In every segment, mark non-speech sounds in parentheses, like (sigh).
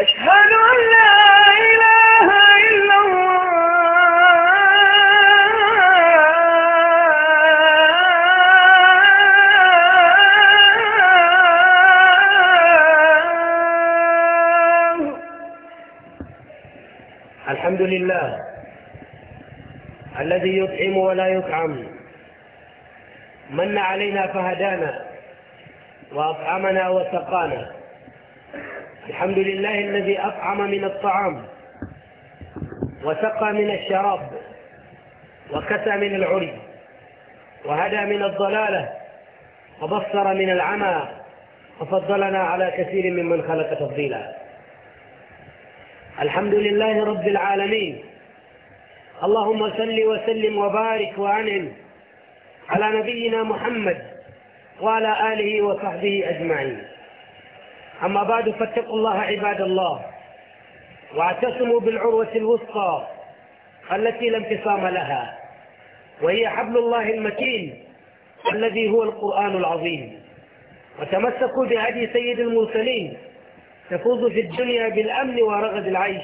أشهد أن لا إله إلا الله الحمد لله الذي يطعم ولا يطعم من علينا فهدانا وأطعمنا وسقانا الحمد لله الذي أطعم من الطعام وسقى من الشراب وكسى من العري وهدى من الضلالة وبصر من العمى وفضلنا على كثير ممن خلق تفضيلا الحمد لله رب العالمين اللهم صل وسلم وبارك وأنعم على نبينا محمد وعلى آله وصحبه أجمعين أما بعد فاتقوا الله عباد الله واعتصموا بالعروة الوسطى التي لا انفصام لها وهي حبل الله المتين الذي هو القرآن العظيم وتمسكوا بهدي سيد المرسلين تفوز في الدنيا بالأمن ورغد العيش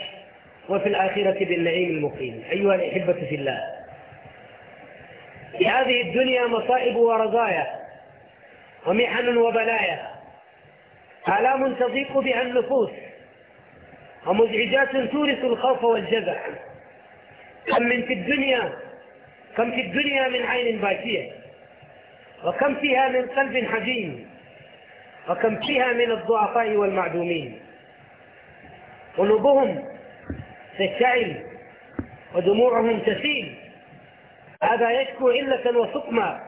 وفي الآخرة بالنعيم المقيم أيها الأحبة في الله في هذه الدنيا مصائب ورزايا ومحن وبلايا آلام تضيق بها النفوس ومزعجات تورث الخوف والجزع كم من في الدنيا كم في الدنيا من عين باكية وكم فيها من قلب حزين وكم فيها من الضعفاء والمعدومين قلوبهم تشتعل ودموعهم تسيل هذا يشكو علة وسقما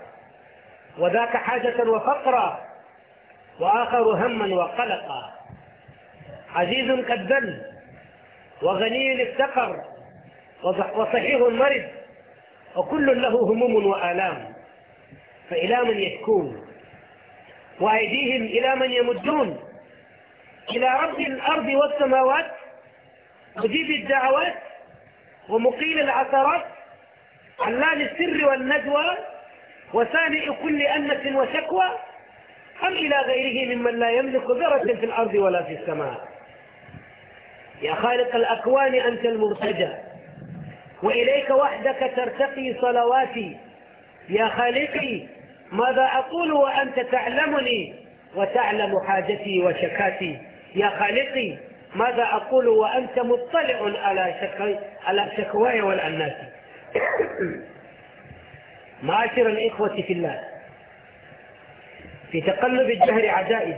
وذاك حاجة وفقرا وآخر هما وقلقا عزيز كالذل وغني افتقر وصحيح مرض وكل له هموم وآلام فإلى من يشكون وأيديهم إلى من يمدون إلى رب الأرض والسماوات مجيب الدعوات ومقيل العثرات علان السر والندوى وسامع كل أنة وشكوى أم إلى غيره ممن لا يملك ذرة في الأرض ولا في السماء يا خالق الأكوان أنت المرتجى وإليك وحدك ترتقي صلواتي يا خالقي ماذا أقول وأنت تعلمني وتعلم حاجتي وشكاتي يا خالقي ماذا أقول وأنت مطلع على, شك... على شكواي والأناس (coughs) معاشر الإخوة في الله في تقلب الدهر عجائب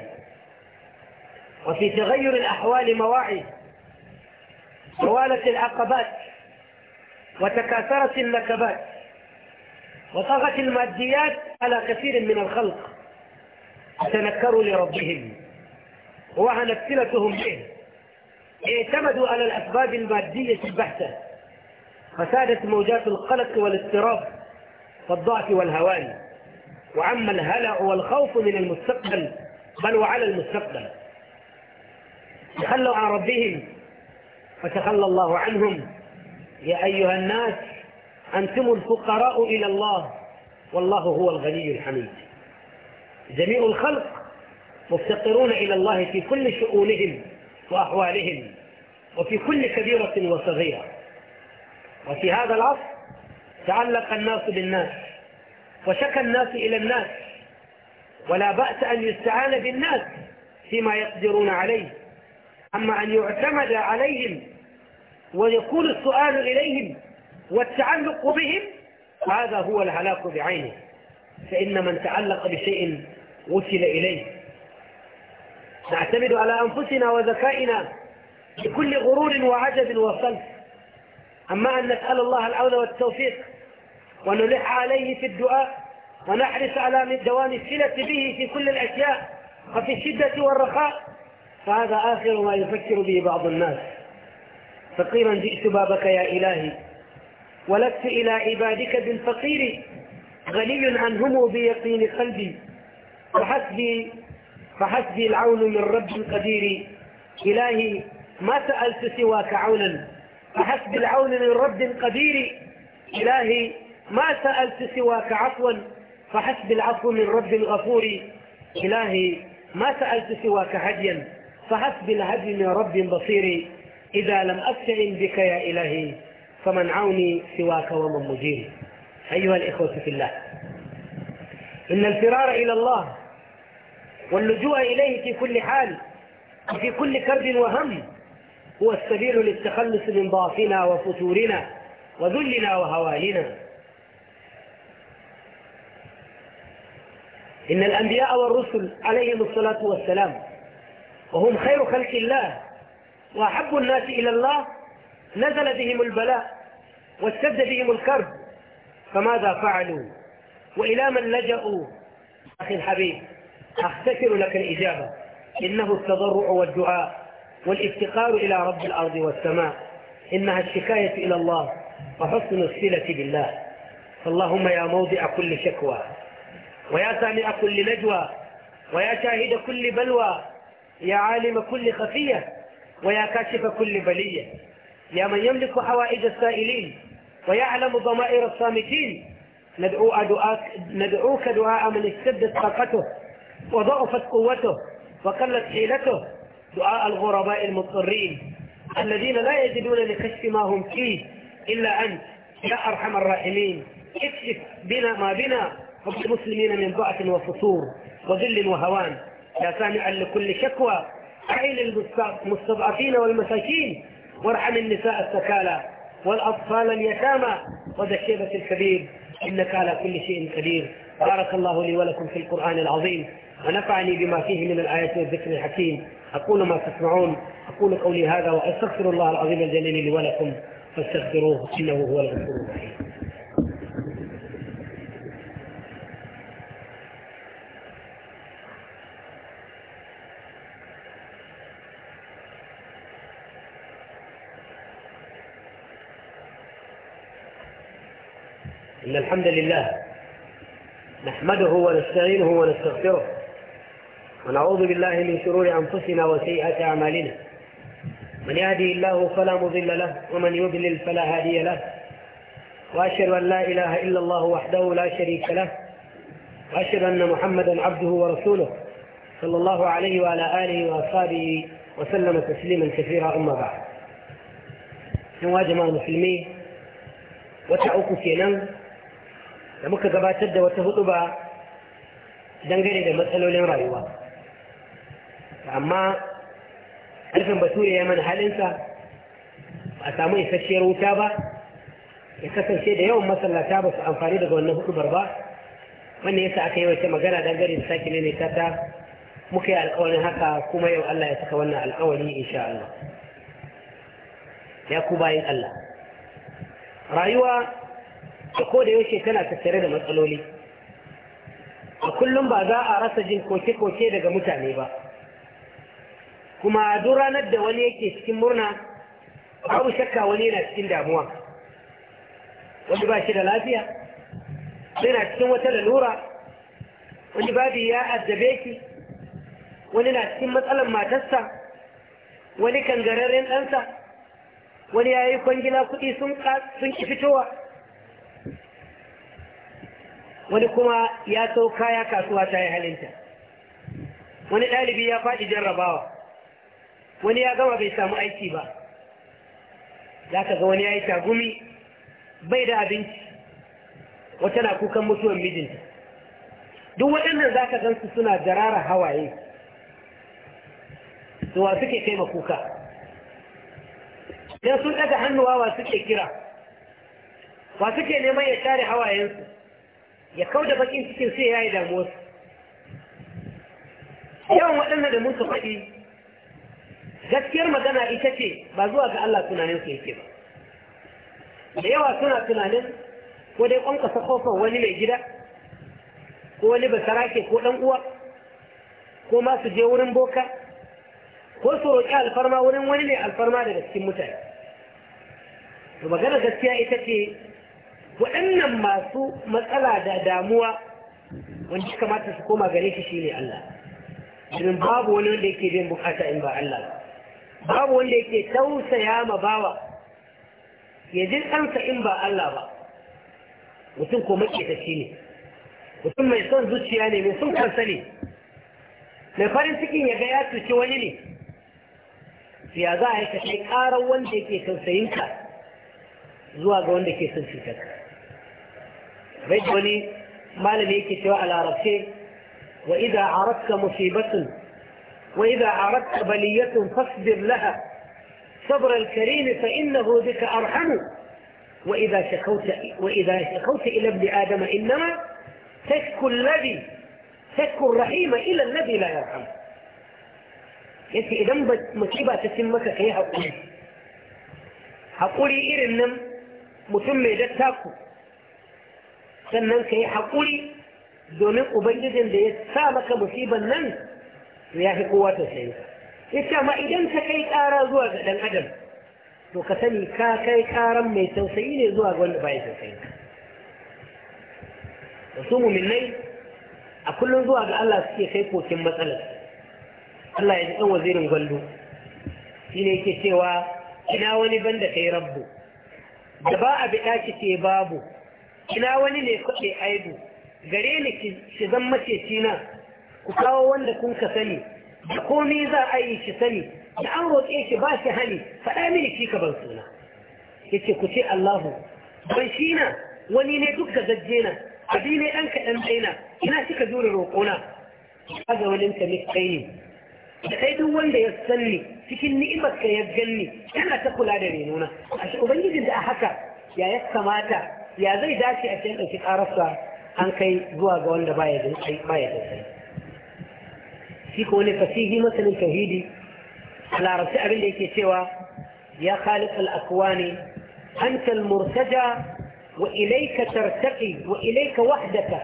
وفي تغير الأحوال مواعيد طوالت العقبات وتكاثرت النكبات وطغت الماديات على كثير من الخلق تنكروا لربهم وهنت صلتهم به اعتمدوا على الأسباب المادية البحتة فسادت موجات القلق والاضطراب والضعف والهوان وعم الهلع والخوف من المستقبل بل وعلى المستقبل تخلوا عن ربهم فتخلى الله عنهم يا أيها الناس أنتم الفقراء إلى الله والله هو الغني الحميد جميع الخلق مفتقرون إلى الله في كل شؤونهم وأحوالهم وفي كل كبيرة وصغيرة وفي هذا العصر تعلق الناس بالناس وشكى الناس إلى الناس ولا بأس أن يستعان بالناس فيما يقدرون عليه أما أن يعتمد عليهم ويكون السؤال إليهم والتعلق بهم هذا هو الهلاك بعينه فإن من تعلق بشيء وصل إليه نعتمد على أنفسنا وذكائنا بكل غرور وعجب وصلف أما أن نسأل الله العون والتوفيق ونلح عليه في الدعاء ونحرص على دوام الصلة به في كل الأشياء وفي الشدة والرخاء فهذا آخر ما يفكر به بعض الناس فقيرا جئت بابك يا إلهي ولست إلى عبادك بالفقير غني عنهم بيقين قلبي فحسبي فحسبي العون من رب قدير إلهي ما سألت سواك عونا فحسبي العون من رب قدير إلهي ما سألت سواك عفوا فحسب العفو من رب الغفور إلهي ما سألت سواك هديا فحسب الهدي من رب بصير إذا لم أستعن بك يا إلهي فمن عوني سواك ومن مجيري أيها الإخوة في الله إن الفرار إلى الله واللجوء إليه في كل حال وفي كل كرب وهم هو السبيل للتخلص من ضعفنا وفتورنا وذلنا وهواننا إن الأنبياء والرسل عليهم الصلاة والسلام وهم خير خلق الله وأحب الناس إلى الله نزل بهم البلاء واشتد بهم الكرب فماذا فعلوا وإلى من لجأوا أخي الحبيب أختصر لك الإجابة إنه التضرع والدعاء والافتقار إلى رب الأرض والسماء إنها الشكاية إلى الله وحسن الصلة بالله فاللهم يا موضع كل شكوى ويا سامع كل نجوى ويا شاهد كل بلوى يا عالم كل خفية ويا كاشف كل بلية يا من يملك حوائج السائلين ويعلم ضمائر الصامتين ندعو دعاك ندعوك دعاء من اشتدت طاقته وضعفت قوته وقلت حيلته دعاء الغرباء المضطرين الذين لا يجدون لكشف ما هم فيه إلا أنت يا أرحم الراحمين اكشف بنا ما بنا المسلمين من ضعف وفصور وذل وهوان يا سامعا لكل شكوى عيل المستضعفين والمساكين وارحم النساء السكالى والأطفال اليتامى وذكيبة الكبير إنك على كل شيء قدير بارك الله لي ولكم في القرآن العظيم ونفعني بما فيه من الآيات والذكر الحكيم أقول ما تسمعون أقول قولي هذا وأستغفر الله العظيم الجليل لي ولكم فاستغفروه إنه هو الغفور الرحيم إن الحمد لله نحمده ونستعينه ونستغفره ونعوذ بالله من شرور أنفسنا وسيئة أعمالنا من يهدي الله فلا مضل له ومن يضلل فلا هادي له وأشهد أن لا إله إلا الله وحده لا شريك له وأشهد أن محمدا عبده ورسوله صلى الله عليه وعلى آله وأصحابه وسلم تسليما كثيرا أما بعد. نواجه wa jama'a musulmi wata da muka gabatar da wata ba dangane da matsalolin rayuwa amma alifin bature ya mana halinsa a samu isasshiyar wuta ba ya kasance da yawan masallata ba su amfani daga wannan hudubar ba wannan yasa aka yi wace magana dangane da sake ne ta muka yi alkawarin haka kuma yau Allah ya saka wannan alkawari insha Allah ya ku bayan Allah rayuwa ko da yaushe tana tattare da matsaloli a kullum ba za a rasa jin koke-koke daga mutane ba kuma duk ranar da wani yake cikin murna babu shakka wani yana cikin damuwa wani ba shi da lafiya wani na cikin wata lalura wani babi ya addabe ki wani na cikin matsalar matarsa wani kangararren ɗansa wani ya yi kwangila kuɗi sun ƙi fitowa wani kuma ya sau kaya kasuwa ta yi halinta wani ɗalibi ya faɗi jarrabawa wani ya gama bai samu aiki ba za ka ga wani ya yi tagumi bai da abinci wata na kukan mutuwan mijinta duk waɗannan za ka gansu suna jarara hawaye suwa suke kai kuka don sun ɗaga hannuwa wa suke kira wa suke neman ya tare hawayensu ya kau da bakin cikin sai ya yi damuwa yawan waɗannan da musu faɗi gaskiyar magana ita ce ba zuwa ga Allah tunanin su yake ba da yawa suna tunanin ko dai ƙwanƙasa kofar wani mai gida ko wani basarake ko ɗan uwa ko masu je wurin boka ko su roƙi alfarma wurin wani mai alfarma daga cikin mutane to magana gaskiya ita ce waɗannan masu matsala da damuwa wanda kamata su koma gare shi shine Allah domin babu wani wanda yake bin bukata in ba Allah babu wanda yake tausaya ma bawa ya ji kansa in ba Allah ba mutum ko ta ne mutum mai son zuciya ne mai son kansa ne mai farin cikin ya ga ya cuci wani ne ya za a yi kashe ƙarar wanda yake tausayinka zuwa ga wanda ke son cutar? بيجوني ما لديك سواء العربسي وإذا عرضت مصيبة وإذا عرضت بلية فاصبر لها صبر الكريم فإنه بك أرحم وإذا شكوت, وإذا شكوت إلى ابن آدم إنما تشكو الذي تشكو الرحيم إلى الذي لا يرحم يسي إذن مصيبة تسمك كيها قولي حقولي إرنم متمي جتاكو sannan ka yi haƙuri domin ubangijin da ya sa maka musibar nan ya fi kowa ta sayi ya ce ma idan ka kai ƙara zuwa ga ɗan adam to ka sani ka kai ƙaran mai tausayi ne zuwa ga wanda ba ya tausayi da su muminai a kullum zuwa ga Allah suke kai kokin matsalar Allah ya ji ɗan wazirin gwallo shi ne yake cewa ina wani banda kai rabbu da ba a biɗa ki ce babu ina wani ne kuke aibu gare ni ki zan maceci na ku kawo wanda kun ka sani da komi za a yi shi sani da an roƙe shi ba shi hani faɗa mini shi ka ban suna yace ku ce Allahu ban shi na wani ne duk da zajje na abi ne ɗan kaɗan daina ina kika jure roƙona kaza walin ka miskai da kai duk wanda ya sanni cikin ni'imar ka ya ganni yana ta kula da renona shi ubangijin da a haka ya ya kamata يا زي ذاتي أتين أنك أعرفت أن جوا جوان دبايا جن أي ما يدري في فسيه مثلا كهيدي على رأس أبن ليك سوى يا خالق الأكوان أنت المرتجى وإليك ترتقي وإليك وحدك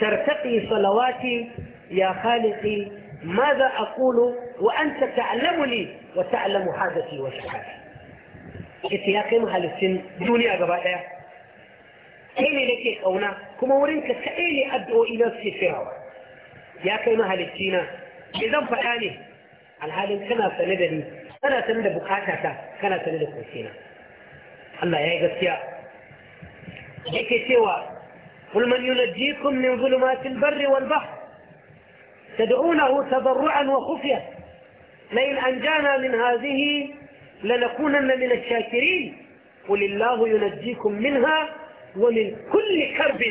ترتقي صلواتي يا خالقي ماذا أقول وأنت تعلم لي وتعلم حاجتي وشحاتي إتياقم هل السن دنيا غبائع أين لك أونا كما ورنك كأين أدعو إلى السفر يا كيما هل الجينة إذا فأني على هذا كنا سندني أنا سند بقاتك كنا سند كنسينا الله يا قسيا لك سوى قل من ينجيكم من ظلمات البر والبحر تدعونه تضرعا وخفية لئن أنجانا من هذه لنكونن من الشاكرين قل الله ينجيكم منها ومن كل كرب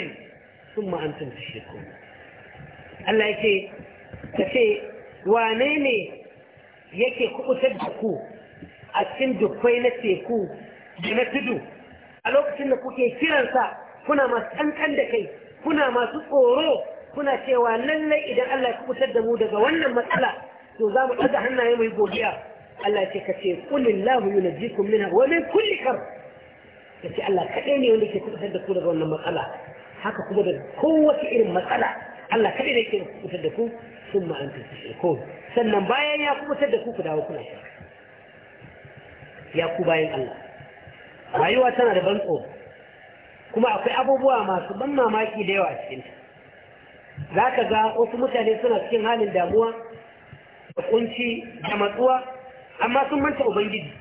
ثم أنتم تشركون Allah yake ta ce wane ne yake kubutar da ku a cikin dubbai na teku da na tudu a lokacin da kuke kiransa kuna masu kankan da kai kuna masu tsoro kuna cewa lallai idan Allah ya kubutar da mu daga wannan matsala to za mu ɗaga hannaye mai godiya Allah ce ka ce kulin lahu yunajjikum minha wa kulli kar da ce Allah kaɗai ne wanda ke kubutar da ku daga wannan matsala haka kuma da kowace irin matsala Allah kaɗai ne ke kubutar da ku sun ma'anta su sannan bayan ya kubutar da ku ku dawo kuna shi ya ku bayan Allah rayuwa tana da ban tsoro kuma akwai abubuwa masu ban mamaki da yawa a cikinta za ka ga wasu mutane suna cikin halin damuwa da kunci da matsuwa amma sun manta ubangiji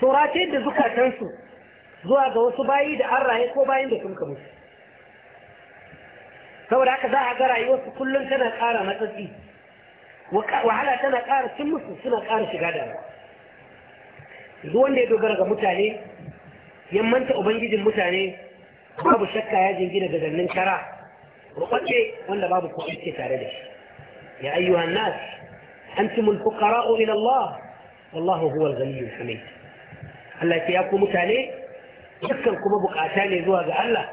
saurace da zukatansu zuwa ga wasu bayi da an raye ko bayin da sun kamu saboda haka za a ga rayuwarsu kullum tana ƙara matsatsi wahala tana ƙara cin musu suna ƙara shiga da duk wanda ya dogara ga mutane yammanta ubangijin mutane babu shakka ya jingina da zannin kara rukwace wanda babu ko ce tare da shi ya ayyuhan nas antumul fuqara'u ila Allah wallahu huwal ghaniyyul hamid Allah ya ku mutane dukkan kuma bukata ne zuwa ga Allah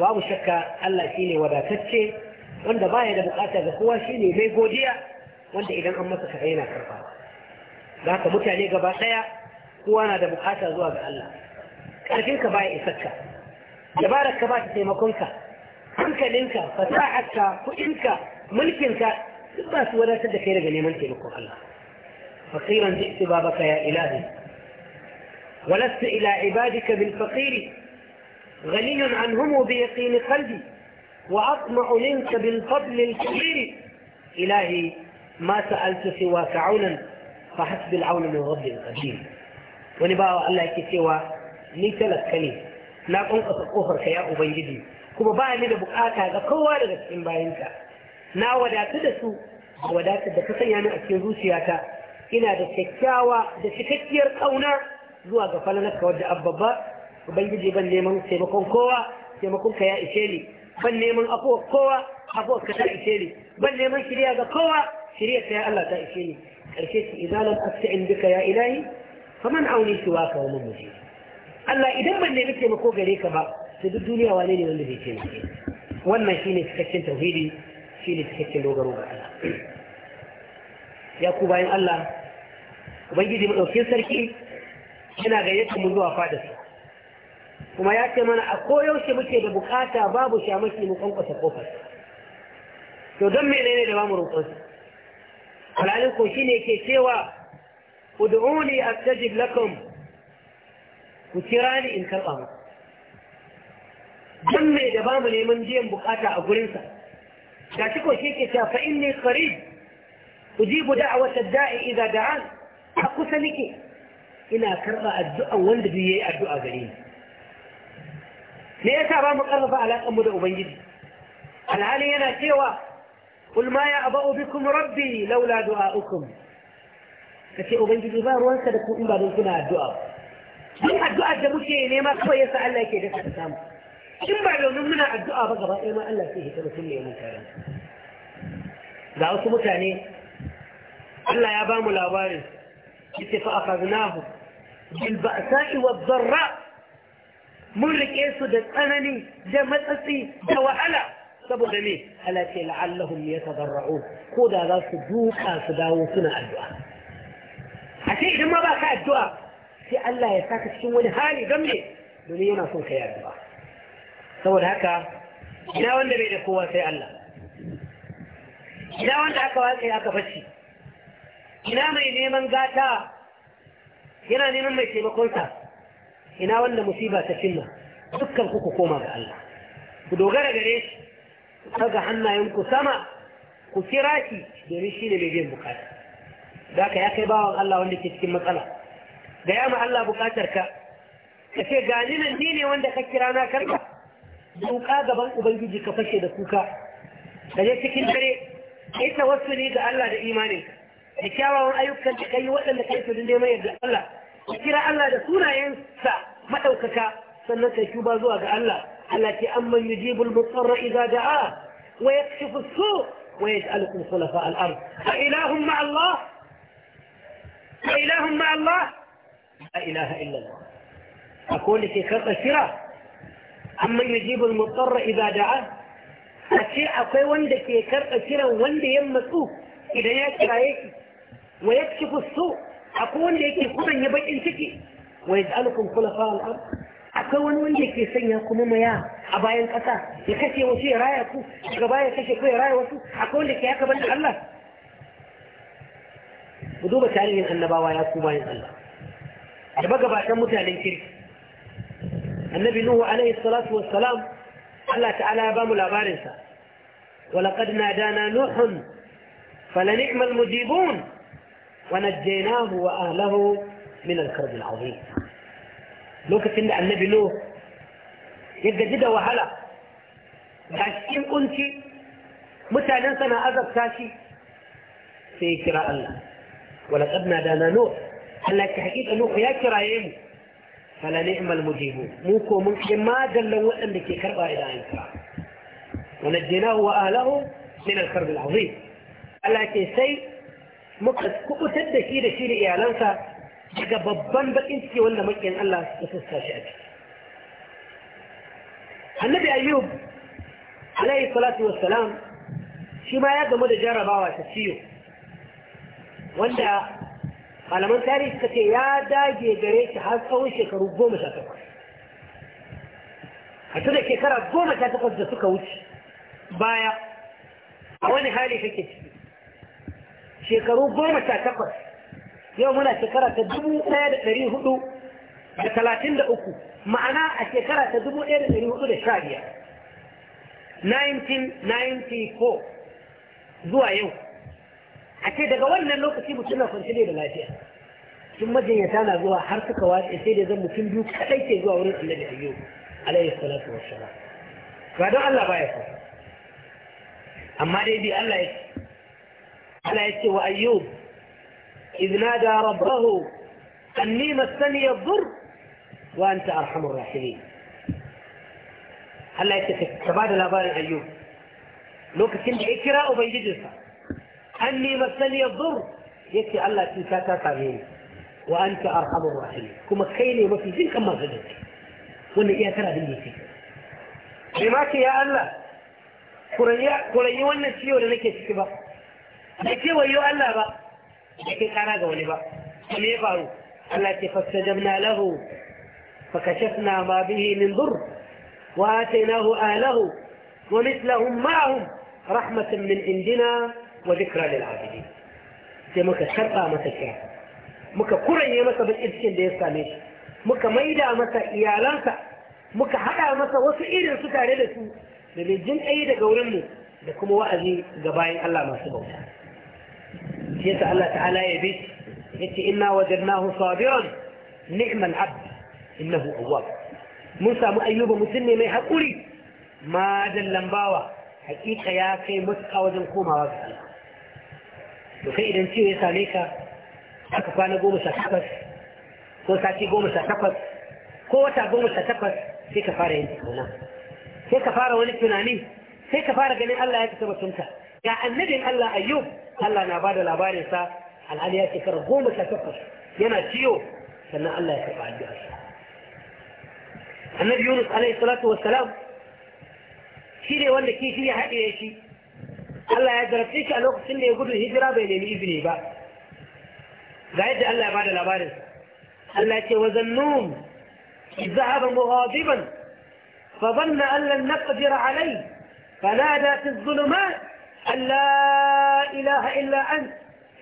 babu shakka Allah shine wadatacce wanda baya da bukata ga kowa shine mai godiya wanda idan an masa kaɗai yana karfa da haka mutane gaba ɗaya kowa na da bukata zuwa ga Allah ƙarfinka baya isarka ka ba ta ka, hankalinka fasaharka kuɗinka mulkinka duk ba su wadatar da kai daga neman taimakon Allah jiki ji baka ya ilahi ولست إلى عبادك بالفقير غني عنهم بيقين قلبي وأطمع منك بالفضل الكبير إلهي ما سألت سواك عونا فحسب العون من رب القديم ونباع الله سوى نيتل الكليم لا أنقص الأخر كيا أبي جدي كما باع لي بقاك هذا كل وارد من باينك نا ودات دسو ودات دكتا يعني أكيد روسياتا إنا دكتاوا دكتير كونا zuwa ga falalarka wadda abbabba ubangiji ban neman taimakon kowa taimakon ka ya ishe ni ban neman afuwa kowa afuwa ka ta ishe ni ban neman shirya ga kowa shirya ka ya Allah ta ishe ni karshe su idan lam asta'in bika ya ilahi faman auni siwaka wa ka wani mujib Allah idan ban nemi taimako gare ka ba to duk duniya wane ne wanda zai taimake wannan shine cikakken tauhidi shine cikakken dogaro ga Allah ya ku bayan Allah ubangiji mu dauke sarki yana gayyatar mu zuwa fadarsa kuma ya ce mana a koyaushe muke da bukata babu shamaki mu kwankwasa kofar to don ne da ba mu roƙonsa alalin ko ne ke cewa a tajib lakum ku kira ni in karɓa mu don me da ba mu neman jiyan bukata a gurinsa ga shi ko shi ke cewa fa inni qarib ujibu wata da'i idan da'an a kusa nike ina karɓa addu'a wanda duk yayi addu'a gare ni me yasa ba mu karfafa alaƙar mu da ubangiji alhalin yana cewa qul ma ya aba'u bikum rabbi laula du'a'ukum kace ubangiji ba ruwanka da ku in ba don kuna addu'a duk addu'a da muke nema kawai yasa Allah yake da ta samu in ba domin muna addu'a ba gaba ɗaya ma Allah sai ya tabbata ne mun tare ga wasu mutane Allah ya ba mu labarin yace fa akhadnahu بالبأساء والضراء ملك إيسو ده تأمني ده مدأسي ده وحلا سبو جميل ألاتي لعلهم يتضرعون خدا ذا سبوكا سداو سنة الدعاء عشان إذا ما بقى الدعاء في الله يتاكد شون هالي جميل دنينا سن يا الدعاء سبو الهكا إلا وانا بين القوة في الله إلا وانا أكوالك يا تفشي إلا ما ينيمن قاتا yana neman mai taimakonsa ina wannan musiba ta cimma dukkan ku ku koma ga Allah ku dogara gare shi ku ɗaga hannayenku sama ku kira shi domin shi ne mai biyan bukata da ka ya kai bawan Allah wanda ke cikin matsala gaya ma Allah bukatar ka ka ce gani nan ni ne wanda ka kira na karka duka gaban ubangiji ka fashe da kuka ka je cikin dare ita wasu ne ga Allah da imani da kyawawan ayyukan da kai waɗanda kai su dinde mai yadda Allah ka kira Allah da sunayensa maɗaukaka sannan ka shuba zuwa ga Allah Allah ce amman yujibul mutsarra idza da'a wa yakshifu su wa yaj'alukum khulafa al-ard fa ilahum ma Allah fa ilahum ma Allah la ilaha illa Allah akwai da ke karɓar kira amman yujibul mutsarra idza da'a a ce akwai wanda ke karɓa kiran wanda ya matsu idan ya kiraye ki wa yakshifu su akwai wanda yake kusan ya bakin ciki wa yaj'alukum khulafa al-ard akwai wani wanda yake sanya kuma maya a bayan kasa ya kashe wasu ya raya ku gaba ya kashe ku ya raya wasu akwai wanda ke haka banda Allah ku duba tarihin annabawa ya ku bayan Allah da gabatan mutanen kirki annabi nuhu alaihi salatu wassalam Allah ta'ala ya bamu labarinsa ولقد نادانا نوح فلنعم المجيبون ونجيناه وأهله من الكرب العظيم لوكة إن النبي نوح له جدا وهلا وحسين أنت متعلن سنة أذب تاشي في كراء الله ولقد دانا نوح هلا كحكيد أنوح يا كرائم فلا نعم المجيبون موكو ممكن ما جلوا وأن بكي كربا إلى أن ونجيناه وأهله من الكرب العظيم لكن سيء muka kubutar da shi da shi da iyalansa daga babban bakin ciki wanda makiyan Allah ya fuska shi a ciki annabi ayyub alaihi salatu wassalam shi ma ya gamu da jarabawa ta ciyo wanda malaman tarihi suka ce ya dage gare shi har tsawon shekaru goma sha takwas a tuna shekara goma sha takwas da suka wuce baya a wani hali kake ciki shekaru goma sha takwas yau muna shekara ta dubu ɗaya da ɗari hudu da talatin da uku ma'ana a shekara ta dubu ɗaya da ɗari hudu da sha biyar 1994 zuwa yau a ce daga wannan lokaci mutum na kwanci ne da lafiya sun majinyata na zuwa har suka wace sai da zan mutum biyu kaɗai ke zuwa wurin annabi ayyo alayhi salatu shara. ba don Allah baya so amma dai bi Allah ya ألا يتي وأيوب إذ نادى ربه أني مسني الضر وأنت أرحم الراحمين ألا يتفق تبادل أبار أيوب لو كنت إكرا أبيجدسا أني مسني الضر يتي الله تنساتا تامين وأنت أرحم الراحمين كما كيني زين كما مرغدك وانا يا ترى بنيتي بما يا الله كريا كريا وانا تيو لنكي تكبر ليكي الله با ليكي كانا قولي با سمي بارو التي فاستجبنا له فكشفنا ما به من ضر وآتيناه آله ومثلهم معهم رحمة من عندنا وذكرى للعابدين سي مكا شرطة مكا مكا كورا يمسا بالإبسين دي يستاميش مكا ميدا مكا إيالانسا مكا حقا مكا وسئير سكاريدسو لبين جن أيدا قولنو لكم وأزي قبائن الله ما سبوتا الله تعالى يبيت انت إنا وجدناه صابرا نعم العبد إنه أواب موسى مؤيوب مسلم ما يحقولي ما دل لنباوة حقيقة يا أخي مسقى وزنقوم على ذلك وخير انتي ويساميك حقق أنا قومسا حقص قومسا تي قومسا حقص قوتا قومسا في كفارة انتي هنا في كفارة وانتي ناني في كفارة قنين الله يكتب سمسا ga annabin Allah ayyub Allah na bada labarin sa alhali ya shekara goma sha takwas yana ciwo sannan Allah ya karɓa addu'a annabi Yunus alaihi salatu wassalam shi ne wanda kishi ya haɗe shi Allah ya zarafce shi a lokacin da ya gudu hijira bai nemi izini ba ga yadda Allah ya bada labarin Allah ce wa zannun zahaba mughadiban fa dhanna an lan naqdir alayhi فنادى في الظلمات أن لا إله إلا أنت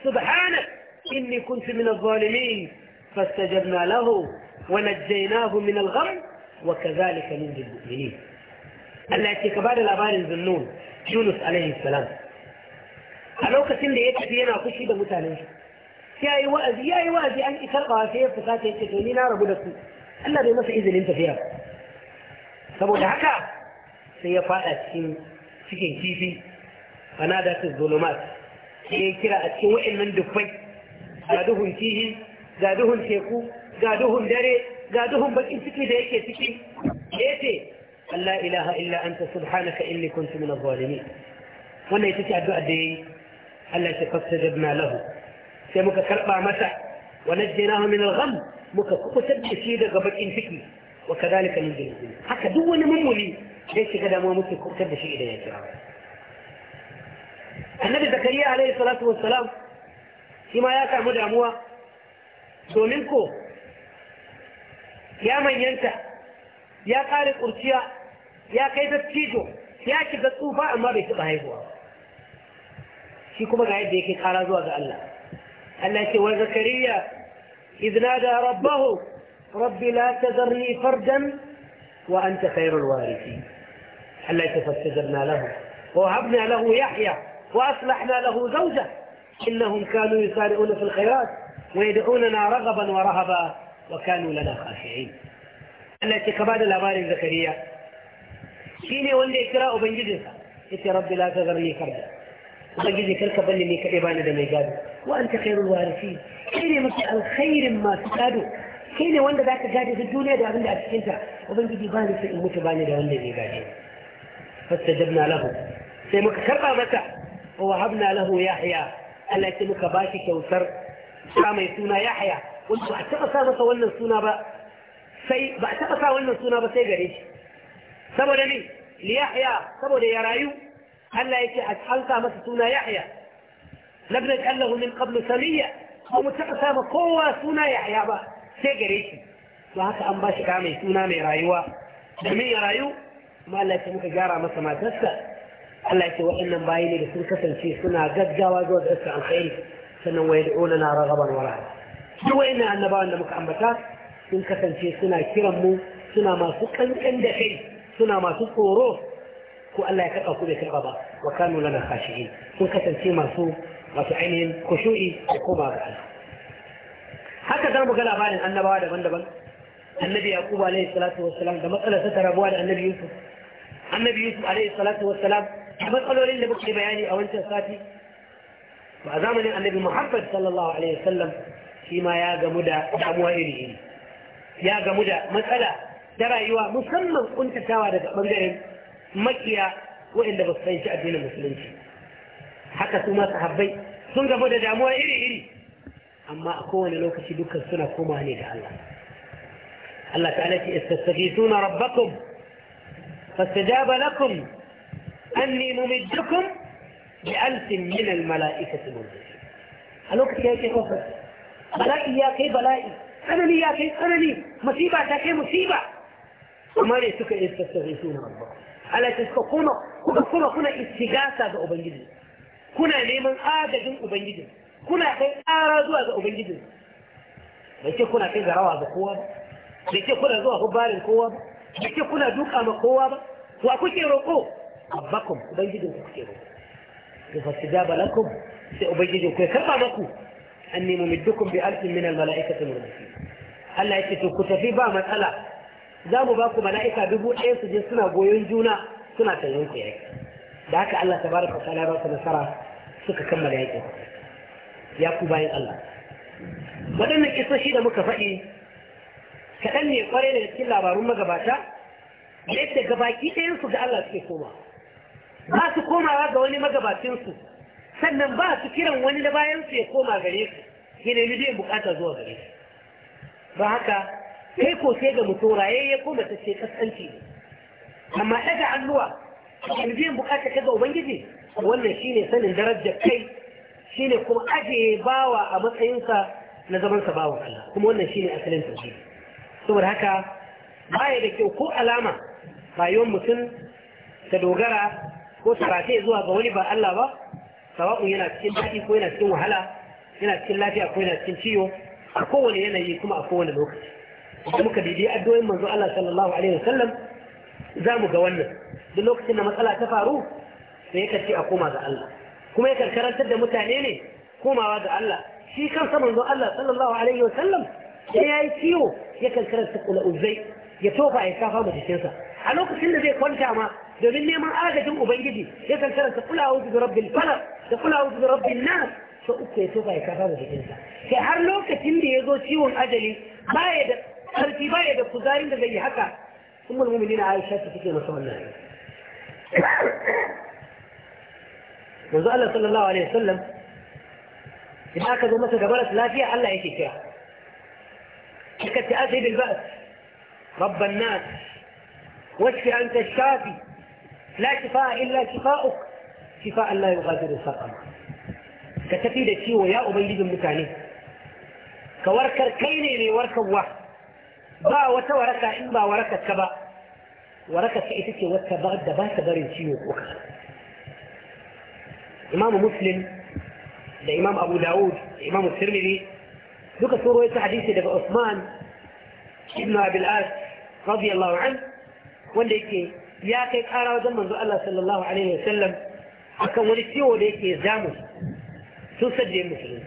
سبحانك إني كنت من الظالمين فاستجبنا له ونجيناه من الغم وكذلك من المؤمنين التي كبار الأبار الزنون يونس عليه السلام ألو كسين دي يتفينا كشي بمتاني يا أي وأذي يا أي وأذي أن إتلقى فيه فقاتل يتفينينا رب لكم ألا بما في إذن أنت فيها فبقول لحكا سيفاءت في كيفي في فنادت الظلمات هي كلا أتوئن من دفاي قادوهم تيه قادوهم تيكو قادوهم داري قادوهم بل انتكي دايك يتكي ايتي قال لا إله إلا أنت سبحانك إني كنت من الظالمين وانا يتكي عدو عدي الله يتقف سجبنا له سيموك كربع مسح ونجيناه من الغم موك كفو سبك سيدة قبل انتكي وكذلك من جنسين حكا دوان ممولي ليش كده ما ممكن كفو سبك سيدة يا جرامي النبي زكريا عليه الصلاة والسلام فيما يقع مدعموا سو منكو يا من ينتا يا قارق أرتيا يا كيف تتيجو يا كيف تتوفى أما بيت بهيبوا شيكو ما قاعد ديكي خالد وعز الله الله يسي وزكريا إذ نادى ربه رب لا تذرني فردا وأنت خير الوارثين الله فاستجبنا له وهبنا له يحيى وأصلحنا له زوجه إنهم كانوا يسارعون في الخيرات ويدعوننا رغبا ورهبا وكانوا لنا خاشعين التي كبار الأبار زكريا شيني وندي إكراء بنجدك إنت ربي لا تذرني كردا وبنجدي كلك بني ميك إبانة دميقاد وأنت خير الوارثين شيني مثل الخير ما تكادو شيني واندي ذاك جادي في الدنيا دا عندي أتكنت وبنجد باني في الموت باني دا عندي فاستجبنا له سيمك كربا متى ووهبنا له يحيى الا يتمك باكي كوثر سامة يسونا يحيى وانتو اعتقى سامة صولنا السونا با سي باعتقى صولنا السونا با سي قريج سبو دني ليحيى سبو دي يرايو الا يتي اتحل سامة سونا يحيى لابن اتحله من قبل سمية ومتقى سامة قوة سونا يحيى با سي قريج وهكا انباشي كامي سونا ميرايو دمي يرايو ما لا يتمك جارة ما تسكت الله يسوى إن باين إذا سنكت سنا قد جواز وزعت عن خير سنا ويدعوننا رغبا ورعا جوا إن أن باين إن مكعمتا سنكت الفيه سنا كرم سنا ما سكا يكن دحي سنا ما سكو روح كو الله يكتب أقول لك الغبا وكانوا لنا خاشعين سنكت الفيه ما سوء ما سعينهم خشوئي وكما بعد حتى تنبو قال أبالي أن باين من دبن النبي يعقوب عليه الصلاة والسلام ده مسألة ستر أبوان النبي يوسف النبي يوسف عليه الصلاة والسلام كما قالوا لي بكري بياني او انت ساتي فاعظام ان النبي محمد صلى الله عليه وسلم فيما يا غمدا وموائله يا غمدا مسألة ترى ايوا مسمى انت تاوادا مجرم مكيا وإن لبس فين شأدين المسلمين حتى ثم صحبي ثم غمدا دعموا إيري إيري أما أكون لوك شدوك السنة كما هنيك الله الله تعالى استستغيثون ربكم فاستجاب لكم أني ممدكم بألف من الملائكة منزلين الوقت يا كيف وصل بلائي يا كي بلائي أنا لي يا كي أنا لي مصيبة يا كي مصيبة وما لي سكا إذ تستغيثون ربكم ألا تستقون كنا كنا كنا استغاثة بأبنجد كنا نيمان آدد أبنجد كنا كي آرادوا بأبنجد ليس ce kuna kai بقوة ليس kowa ba bai ce kuna zuwa hubarin kowa ba bai abbakum ubangijin ku kuke roƙo to fastajaba lakum sai ubangijin ku ya karba maku anni mumiddukum bi alfin min al mala'ikati murdifin Allah yake to ku tafi ba matsala za mu ba ku mala'ika dubu ɗaya su je suna goyon juna suna tayin ku yayi da haka Allah tabaraka ta'ala ya ba nasara suka kammala yaƙin ya ku bayan Allah waɗannan kisoshi da muka faɗi kaɗan ne kwarai daga cikin labarun magabata yadda gabaki ɗayansu ga Allah suke koma ba su komawa ga wani magabacinsu sannan ba su kiran wani da bayansu ya koma gare su ya nemi biyan bukata zuwa gare su ba haka kai ko sai ga mutum raye ya koma ta ce ne. amma daga alluwa kan biyan bukata ta ga ubangiji wannan shine sanin darajar kai shine kuma ajiye bawa a matsayinsa na zaman sa bawa Allah kuma wannan shine asalin tauhidi saboda haka baya da kyau ko alama rayuwar mutum ta dogara ko tarafe zuwa ga wani ba Allah ba sawa'un yana cikin daɗi ko yana cikin wahala yana cikin lafiya ko yana cikin ciwo a kowane yanayi kuma a kowane lokaci da muka bibi addu'o'in manzo Allah sallallahu alaihi wa sallam za mu ga wannan duk lokacin da matsala ta faru sai yakan ce a koma ga Allah kuma yakan karantar da mutane ne komawa ga Allah shi kansa manzo Allah sallallahu alaihi wa sallam sai yi ciwo yakan karanta kula uzai ya tofa ya kafa mutuncinsa a lokacin da zai kwanta ma دون النعمة آجت أبيجدي يا سلسلة تقول أعوذ برب البلد تقول أعوذ برب الناس فأوكي سوف يكفر بكذا كهر لو كتن لي يزو سيون أجلي بايد خلتي بايد خزارين زي حكا ثم المؤمنين عائشة تكي ما شاء الله وزو الله صلى الله عليه وسلم إذا أكدوا مثل جبرت لا فيها ألا يشي فيها حكت أسيد البأس رب الناس واشفي أنت الشافي لا شفاء إلا شفاءك شفاء لا يغادر سقما كتفيد شيء ويا أبيد بن مكاني كورك الكين اللي ورك با وتورك إن با ورك كبا ورك كئتك وك بعد با تبر شيء وك إمام مسلم ده إمام أبو داوود إمام الترمذي ذوك سورة حديث ده عثمان ابن أبي الآس رضي الله عنه وين ya kai kara wajen manzo Allah sallallahu alaihi sallam akan wani ciwo da yake zamu sun sajje musulmi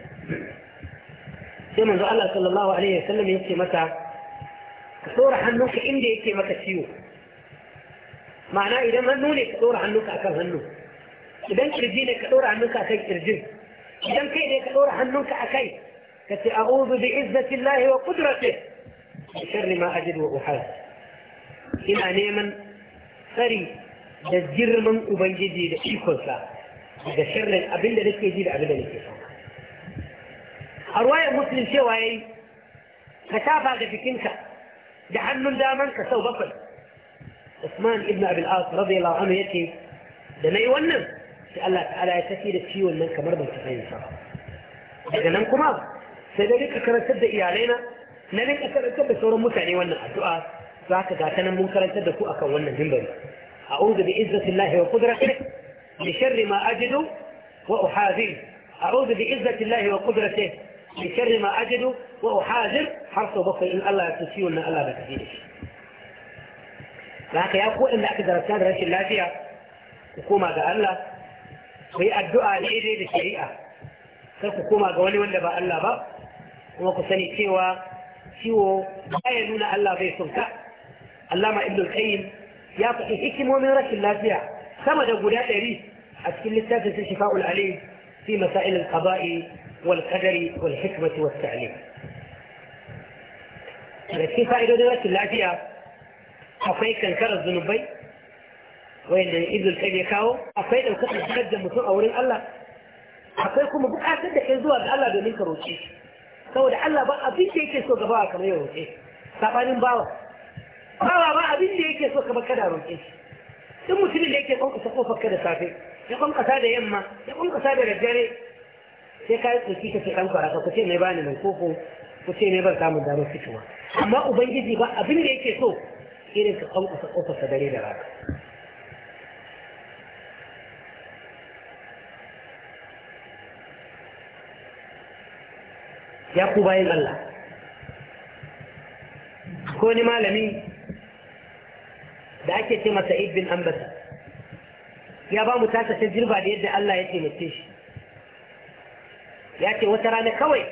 sai manzo Allah sallallahu alaihi sallam yake mata ka tsora hannunka inda yake maka ciwo ma'ana idan hannu ne ka tsora hannunka akan hannu idan kirji ne ka tsora hannunka akan kirjin idan kai ne ka tsora hannunka akai ka ce a'udhu bi izzatillahi wa qudratihi sharri ma ajidu wa uhad ina neman kari da girman ubangiji da ikonsa da sharrin abin da nake ji da abin da nake so a ruwayar muslim cewa yayi ka tafa ga jikinka da hannun daman ka sau bakwai usman ibn abul as radiyallahu anhu yake da nayi wannan sai Allah ta'ala ya tafi da ciwon nan kamar ban ta fahimta daga nan kuma sai da rika karantar da iyalaina na rika karantar da sauran mutane wannan addu'a za ka gata nan mun karantar da ku akan wannan dimbari a'udhu bi izzatillahi wa qudratihi min sharri ma ajidu wa uhazir a'udhu bi izzatillahi wa qudratihi min sharri ma ajidu wa uhazir har sau bakwai in Allah ya tusi wannan Allah ba ta fi da shi da haka ya ko inda aka zarafta da rashin lafiya ku koma ga Allah ku yi addu'a daidai da shari'a sai ku koma ga wani wanda ba Allah ba kuma ku sani cewa ciwo baya nuna Allah bai son ka علامة ابن الخيم يعطي حكم ومن رك الله بها سمد أبو ذات لي أسكن للتاسس الشفاء العليم في مسائل القضاء والقدر والحكمة والتعليم لكن فائدة من رك الله بها أفايك الكرة الزنوبي وين ابن الخيم يكاو أفايك الكرة الزنوبي مثل أولين الله أفايك مبقى سدك يزوى الله بمنك روشي سوى الله بقى بيش يكسو غباك ريوه سابعين باوه bawa ba abin da yake so kamar kada roƙe shi duk mutumin da yake kwankwasa kofar ka da safe ya kwankwasa da yamma ya kwankwasa da daddare sai ka yi tsoki ka ce ɗan kwaraka ku ce mai bani mai koko ku ce mai ban samun damar fitowa amma ubangiji ba abin da yake so irin ka kwankwasa kofar ka dare da rana ya ku bayan Allah ko ni malami da ake ce masa ibn ambata ya ba mu tasa ta jirba da yadda Allah ya taimake shi ya ce wata rana kawai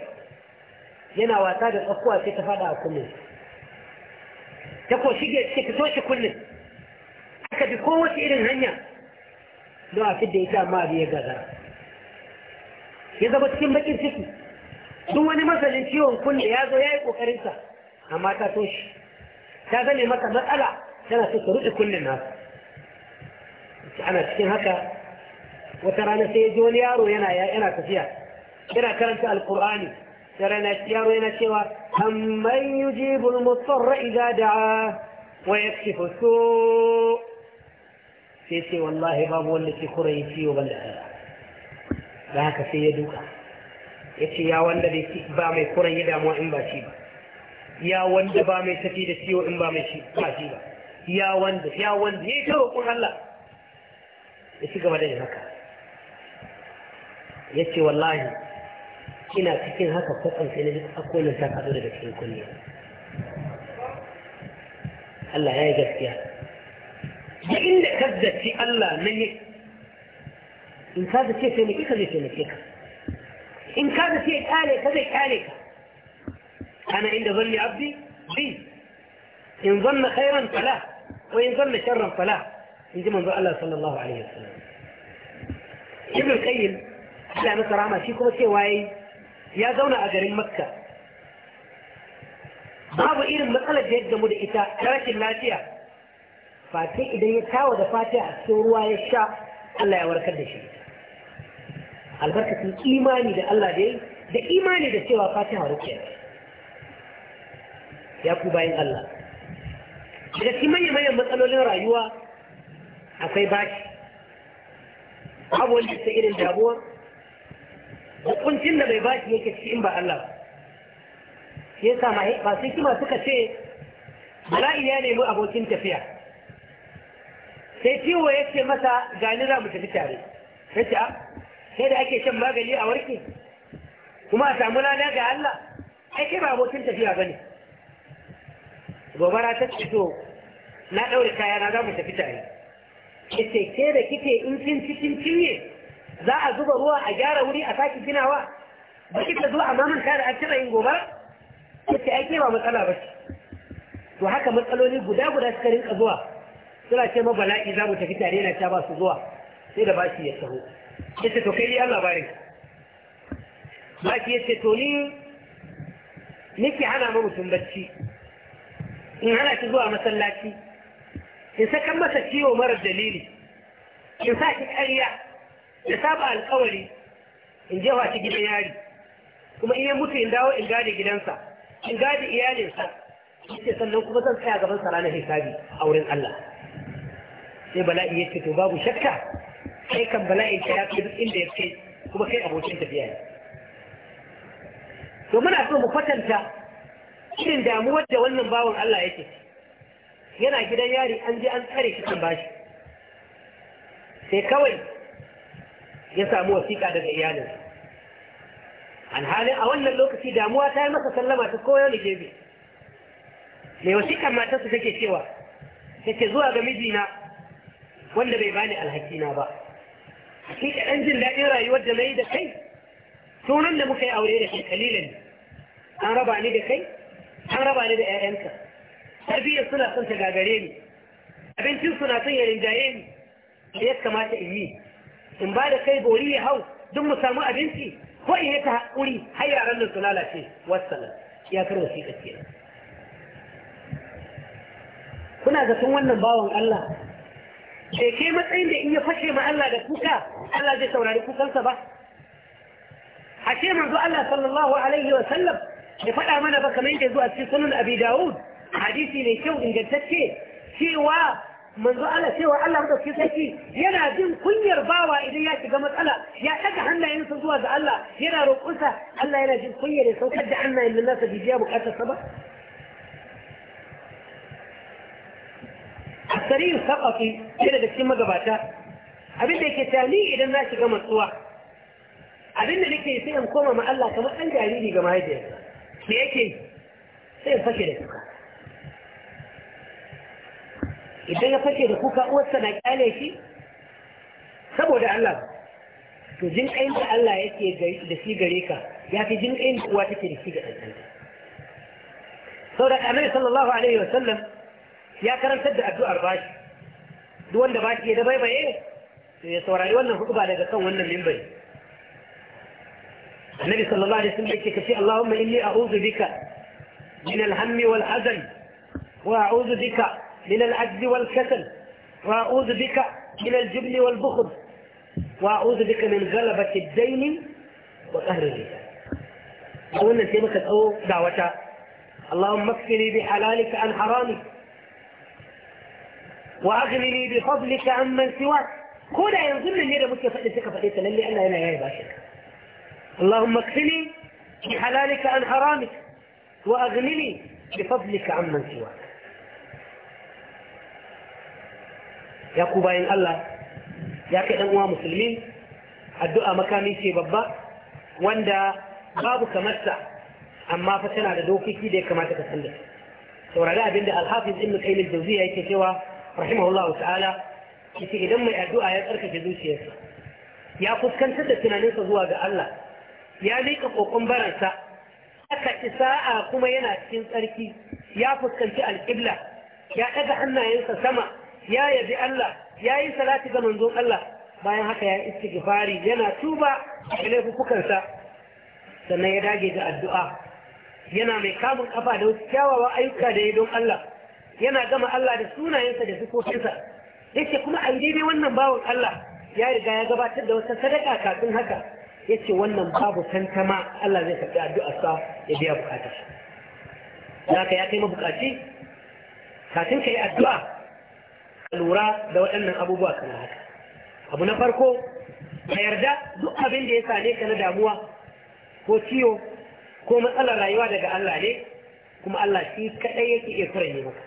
yana wasa da tsakuwa sai ta fada a kullum ta ko shige ce fito shi kullum aka bi kowace irin hanya don a fidda ita amma abu ya gagara ya zama cikin bakin ciki duk wani masanin ciwon kunne ya zo ya yi ƙoƙarinsa amma ta toshe ta zame mata matsala كما في صدور كل الناس انا شكين هكا وترى نسيدون يارو يا انا كفيا ترى كرنت القرآن ترى نسيارو ينا سوا أمن يجيب المضطر إذا دعاه ويكشف السوء سيدي والله الله بابو التي خري في ذاك في يتي يا وند بي با مي خري دا مو يا وند با مي سفيد سيو ان با مي ya wanda ya wanda ya yi ta roƙon Allah ya ci gaba da yin haka ya ce wallahi ina cikin haka kwatsan sai na ji akwai ta kaɗo daga cikin kulle Allah ya yi gaskiya da inda ka zaci Allah nan ya in ka zace sai mai ka zai taimake ka in ka zace ya kare ka zai kare ka ana inda zan yi abdi bi in zanna khairan fala وإن ظن شرا فلا من جمع انظر الله صلى الله عليه وسلم ابن القيم على مصر عما في كما سيواي يا زونا أجرين مكة بابا إيرن مسألة جيد جمود إتا كرات الناسية فاتي إذا يتاوى دفاتي أسوروا يشاء الله يوركد شيء البركة الإيماني ده الله دي ده إيماني ده سوى فاتحة وركية يا كوباين الله daga cikin manyan manyan matsalolin rayuwa akwai bashi babu wanda ta irin damuwa hukuncin da bai bashi yake ciki in ba Allah shi yasa ba sai kima suka ce bala'i ya nemi abokin tafiya sai ciwo ya ce masa gani za mu tafi tare ya ce sai da ake shan magani a warke kuma a samu lada ga Allah ai kai ba abokin tafiya ba ne? gobara ta ce to na ɗaure kayana za mu tafi tare ki teke da kike in kin cikin cinye za a zuba ruwa a gyara wuri a sake ginawa ba ki ta zo a mamun kare an taɓa yin gobara ce ai ba matsala ba ce to haka matsaloli guda guda suka rinka zuwa suna ce ma bala'i za mu tafi tare na ta ba su zuwa sai da bashi ya taho ce to kai an labarin ki ya ce to ni nake hana ma mutum bacci in hana ki zuwa masallaci in sakan masa ciwo marar dalili in sa ki ƙarya ya saba alƙawari in jefa shi gidan yari kuma in ya mutu in dawo in gadi gidansa in gade iyalinsa ce sannan kuma zan tsaya gaban sa ranar hisabi a wurin Allah sai bala'i ya ce to babu shakka kai kan bala'i ka ya kai duk inda ya kai kuma kai abokin tafiya ne to muna so mu kwatanta irin damuwar da wannan bawan Allah yake yana gidan yari an ji an tsare shi kan bashi sai kawai ya samu wasiƙa daga iyalinsa alhalin a wannan lokaci damuwa ta yi masa sallama ta koyar da gebe mai wasiƙar matarsa take cewa take zuwa ga mijina wanda bai bani alhakina ba hakika ɗan jin daɗin rayuwar da na yi da kai sunan da muka yi aure da kai kalilin an raba ni da kai an raba ni da 'ya'yanka tarbiyyar suna son ta gagare ni abincin suna son ya rinjaye ni da ya kamata in yi in ba da kai bori ya hau duk mu samu abinci ko in yi ta haƙuri har yaran nan su lalace wassalam ya kar wasiƙa kenan kuna zaton wannan bawan Allah bai ke matsayin da in ya fashe ma Allah da kuka Allah zai saurari kukansa ba ce manzo Allah sallallahu alaihi wa sallam ya faɗa mana ba kamar yadda zuwa cikin sunan Abi Dawud hadisi mai kyau ingantacce cewa manzo Allah cewa Allah madaukakin sarki yana jin kunyar bawa idan ya shiga matsala ya daga hannayensa zuwa ga Allah yana roƙonsa Allah yana jin kunyar ya saukar da hannayen nan nasa bibiya bukatar sa ba Asariyu saƙafi yana da cikin magabata abin da yake tani idan na shiga matsuwa abin da nake sai in koma ma Allah kamar dan jariri ga mahaifiyarsa me yake sai in fashe da kuka idan ya fashe da kuka uwarsa na kyale shi saboda Allah to jin ƙayin da Allah yake da shi gare ka ya fi jin ƙayin da uwa take da shi ga ɗanɗan saboda annabi sallallahu alaihi wasallam ya karantar da addu'ar bashi duk wanda bashi ya dabaibaye to ya saurari wannan hukuma daga kan wannan mimbari annabi sallallahu alaihi wasallam yake kafi Allahumma inni a'udhu bika min al-hammi wal hazan wa a'udhu bika من العجز والكسل وأعوذ بك من الجبن والبخل وأعوذ بك من غلبة الدين وقهر اللسان أو أن تبقى أو دعوة اللهم اكفني بحلالك عن حرامي وأغنني بفضلك عن من سواك كون ينظر لي هذا مسكة فأنتك فأنت للي أنا أنا يا باشك اللهم اكفني بحلالك عن حرامك وأغنني بفضلك عن من سواك ya ku bayin Allah ya kai ɗan uwa musulmi addu'a makami ce babba wanda babu kamarsa amma fa tana da dokoki da ya kamata ka san da saurari abinda alhafiz ibn qayyim al-jawziya yake cewa rahimahullahu ta'ala yace idan mai addu'a ya tsarkake zuciyarsa ya fuskantar da tunaninsa zuwa ga Allah ya lika kokon baransa aka ci sa'a kuma yana cikin tsarki ya fuskanci alƙibla ya ɗaga hannayensa sama ya yabi Allah ya yi salati ga manzon Allah bayan haka ya istighfari yana tuba ga laifukansa sannan ya dage da addu'a yana mai kamun kafa da wasu kyawawan ayyuka da ya don Allah yana gama Allah da sunayensa da sifofinsa yake kuma a daidai wannan bawan Allah ya riga ya gabatar da wata sadaka kafin haka yace wannan babu tantama Allah zai karɓi addu'arsa ya biya bukatar. haka ya kai mabukaci kafin ka addu'a lura da waɗannan abubuwa kana haka abu na farko a yarda duk abin da ya same ka na damuwa ko ciwo ko matsalar rayuwa daga Allah ne kuma Allah shi kaɗai yake iya yi maka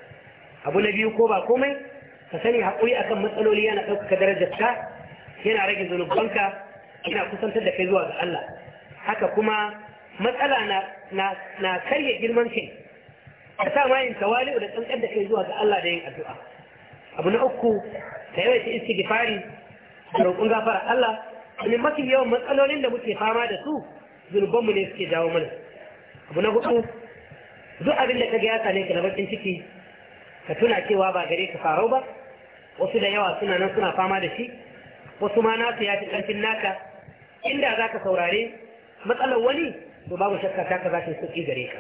abu na biyu ko ba komai ka sani haƙuri akan matsaloli yana ɗaukaka darajar darajarta yana rage zunubanka yana kusantar da kai zuwa ga Allah haka kuma matsala na karya girman kai ka sa mayin tawali'u da tsantsar da kai zuwa ga Allah da yin addu'a abu na uku ta yawaita gifari da roƙon gafara Allah domin mafi yawan matsalolin da muke fama da su zunubanmu ne suke jawo mana abu na hudu duk abin da ka ga ya same ka na bakin ciki ka tuna cewa ba gare ka farau ba wasu da yawa suna nan suna fama da shi wasu ma nasu ya fi ƙarfin naka inda za ka saurare matsalar wani to babu shakka ka za ta sauƙi gare ka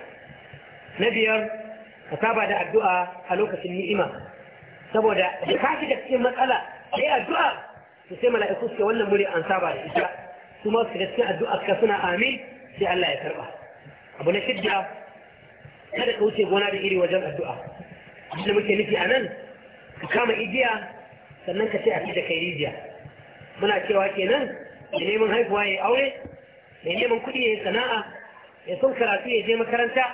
na biyar ka saba da addu'a a lokacin ni'ima saboda da ka shiga cikin matsala sai addu'a to sai mala'iku suke wannan mure an saba da ita kuma su cikin addu'a ka suna amin sai Allah ya karba abu na shidda kada ka wuce gona da iri wajen addu'a abinda muke nufi a nan ka kama igiya sannan ka ce a fi da kai rijiya muna cewa kenan mai neman haihuwa ya aure mai neman kuɗi ya sana'a ya son karatu ya je makaranta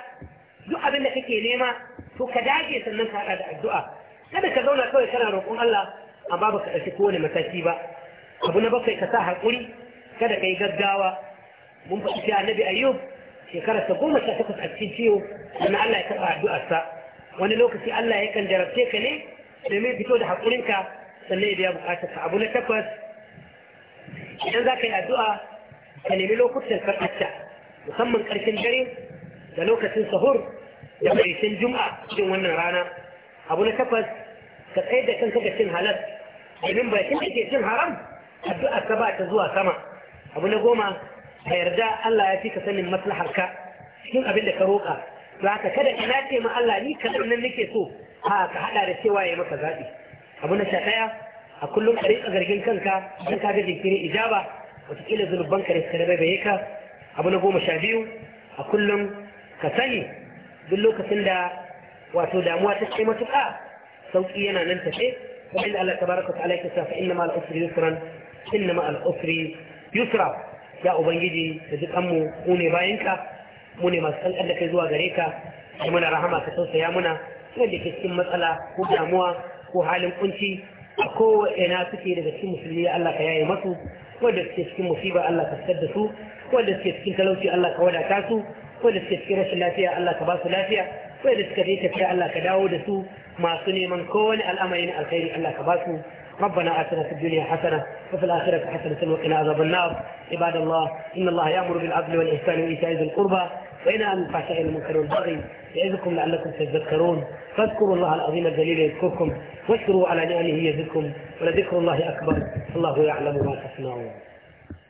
duk abin da kake nema to ka dage sannan ka haɗa da addu'a kada ka zauna kawai kana roƙon Allah amma baka ɗauki kowane mataki ba abu na bakwai ka sa haƙuri kada ka yi gaggawa mun faɗi cewa annabi ayyub shekara ta goma sha takwas a cikin ciwo sannan Allah ya taɓa addu'arsa wani lokaci Allah ya kan jarabce ka ne domin fito da haƙurinka sannan ya biya ka abu na takwas idan za ka yi addu'a ka nemi lokutan karɓarta musamman ƙarshen dare da lokacin sahur da ƙarshen juma'a cikin wannan rana abu na takwas ka tsaye da kanka ga cin halal domin bakin kin ke cin haram addu'a ka ba ta zuwa sama abu na goma ka yarda Allah ya fi ka sanin maslahar ka cikin abin da ka roka za ka kada ka nace ma Allah ni kaɗan nan nake so a ka haɗa da cewa ya maka zaɓi abu na sha ɗaya a kullum ka rika gargin kanka idan ka ga jinkiri ijaba kila zunuban ka da bai ka abu na goma sha biyu a kullum ka sani duk lokacin da wato damuwa ta kai matuƙa sauƙi yana nan tafe Ba inda Allah tabaraka ta'ala ya sa fa inna ma al-usri yusran inna ma al-usri yusra ya ubangiji da duk mu mu ne bayanka mu ne masu kankan da kai zuwa gare ka ai muna rahama ka tausaya muna wanda ke cikin matsala ko damuwa ko halin kunci a kowane suke daga cikin musulmi Allah ka yaye masu wanda suke cikin musiba Allah ka fitar da su wanda suke cikin talauci Allah ka wadata su wanda suke cikin rashin lafiya Allah ka ba su lafiya sai da suka je tafiya Allah ka dawo da su masu neman kowane al'amari alkhairi Allah ka ba su ربنا آتنا في الدنيا حسنة وفي الآخرة حسنة وقنا عذاب النار عباد الله إن الله يأمر بالعدل والإحسان وإيتاء ذي القربى وإن عن الفحشاء والمنكر والبغي يعظكم لعلكم تذكرون فاذكروا الله العظيم الجليل يذكركم واشكروا على نعمه يزدكم ولذكر الله أكبر الله يعلم ما تصنعون